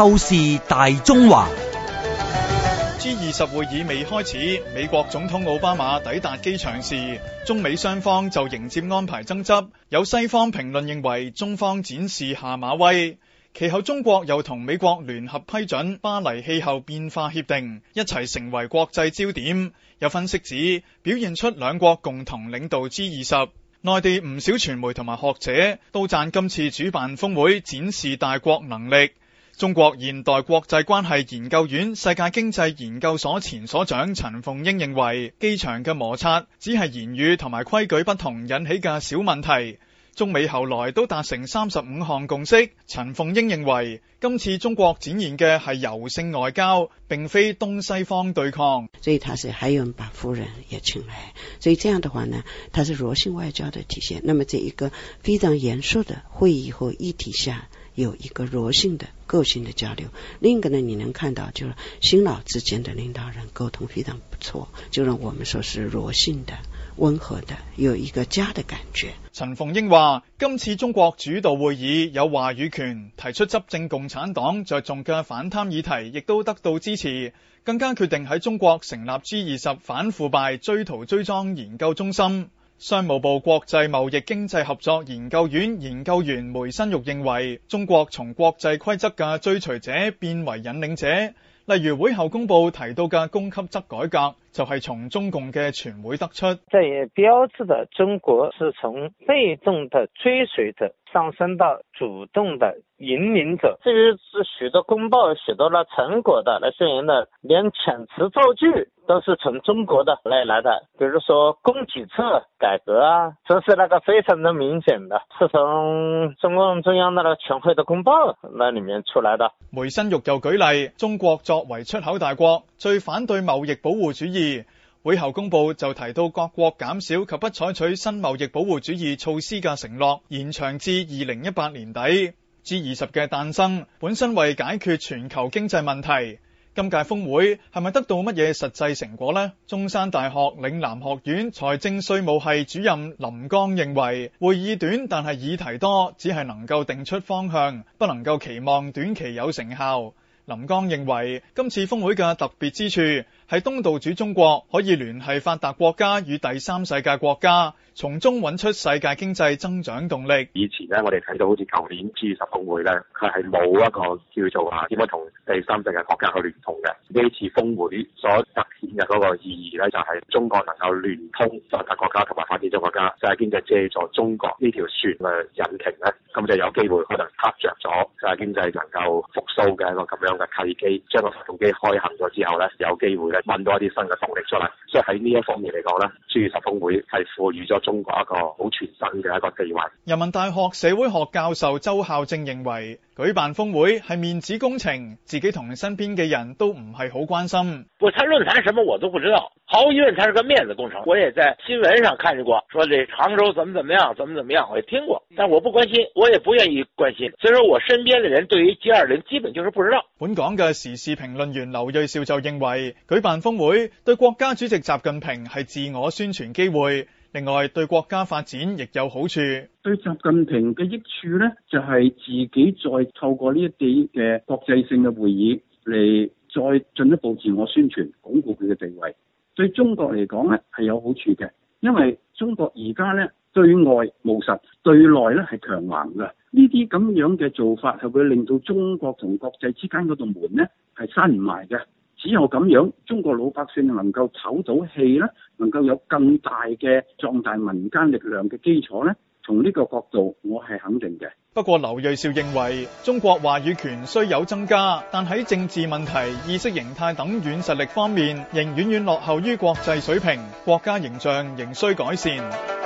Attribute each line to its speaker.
Speaker 1: 透視大中華 G 二十會議未開始，美國總統奧巴馬抵達機場時，中美雙方就迎接安排爭執。有西方評論認為中方展示下馬威。其後，中國又同美國聯合批准巴黎氣候變化協定，一齊成為國際焦點。有分析指表現出兩國共同領導 G 二十。內地唔少傳媒同埋學者都讚今次主辦峰會展示大國能力。中國現代國際關係研究院世界經濟研究所前所長陳鳳英認為，機場嘅摩擦只係言語同埋規矩不同引起嘅小問題。中美後來都達成三十五項共識。陳鳳英認為，今次中國展現嘅係柔性外交，並非東西方對抗。所以他是還有人把夫人也請來，所以這樣的話呢，他是柔性外交的體現。那麼這一個非常嚴肅的會議和議題下。有一個柔性的、的個性的交流，另一個呢，你能看到就是新老之間的領導人溝通非常不錯，就讓我們說是柔性的、温和的，有一個家的感覺。陳鳳英話：今次中國主導會議有話語權，提出執政共產黨着重嘅反貪議題亦都得到支持，更加決定喺中國成立 G 二十反腐敗追逃追贓研究中心。商務部國際貿易經濟合作研究院研究員梅新育認為，中國從國際規則嘅追隨者變為引領者，例如會後公報提到嘅供給側改革，就係從中共嘅全會得出。這也標誌着中國是從被動的追隨者上升到主動的引領者。至於是許多公報、許多那成果的那這樣的連遣詞造句。都是從中國的來來的，比如說供給側改革啊，這、就是那個非常的明顯的，是從中共中央那個全會的公報那裡面出來的。梅新育又舉例，中國作為出口大國，最反對貿易保護主義。會後公報就提到各國減少及不採取新貿易保護主義措施嘅承諾，延長至二零一八年底。G 二十嘅誕生，本身為解決全球經濟問題。今屆峰會係咪得到乜嘢實際成果呢？中山大學嶺南學院財政稅務系主任林江認為，會議短但係議題多，只係能夠定出方向，不能夠期望短期有成效。林江認為今次峰會嘅特別之處，喺東道主中國可以聯繫發達國家與第三世界國家，從中揾出世界經濟增長動力。以前咧，我哋睇到好似舊年 G 二十峰會咧，佢係冇一個叫做話點樣同第三世界國家去聯通嘅。呢次峰會所突顯嘅嗰個意義咧，就係中國能夠聯通發達國家同埋發展中國家，世界經濟借助中國呢條船嘅引擎咧，咁就有機會可能撻着咗世界經濟能夠復甦嘅一個咁樣嘅契機，將個發動機開行咗之後咧，有機會咧。問到一啲新嘅動力出嚟，所以喺呢一方面嚟講咧 G 二十峰會係賦予咗中國一個好全新嘅一個地位。人民大學社會學教授周孝正認為，舉辦峰會係面子工程，自己同身邊嘅人都唔係好關心。我他論壇什麼我都不知道，毫無疑問，它是個面子工程。我也在新聞上看見過，說這常州怎麼怎麼樣，怎麼怎麼樣，我也聽過。但我不關心，我也不願意關心。所以說我身邊的人對於 G20 基本就是不知道。本港嘅時事評論員劉銳紹就認為，舉辦峰會對國家主席習近平係自我宣傳機會，另外對國家發展亦有好處。對習近平嘅益處呢，就係自己再透過呢一啲嘅國際性嘅會議，嚟再進一步自我宣傳，鞏固佢嘅地位。對中國嚟講呢，係有好處嘅，因為中國而家呢。對外務實，對內咧係強硬強橫嘅。呢啲咁樣嘅做法係會令到中國同國際之間嗰道門咧係閂唔埋嘅。只有咁樣，中國老百姓能夠唞到氣咧，能夠有更大嘅壯大民間力量嘅基礎咧。從呢個角度，我係肯定嘅。不過，劉瑞兆認為中國話語權雖有增加，但喺政治問題、意識形態等軟實力方面，仍遠遠落後於國際水平，國家形象仍需改善。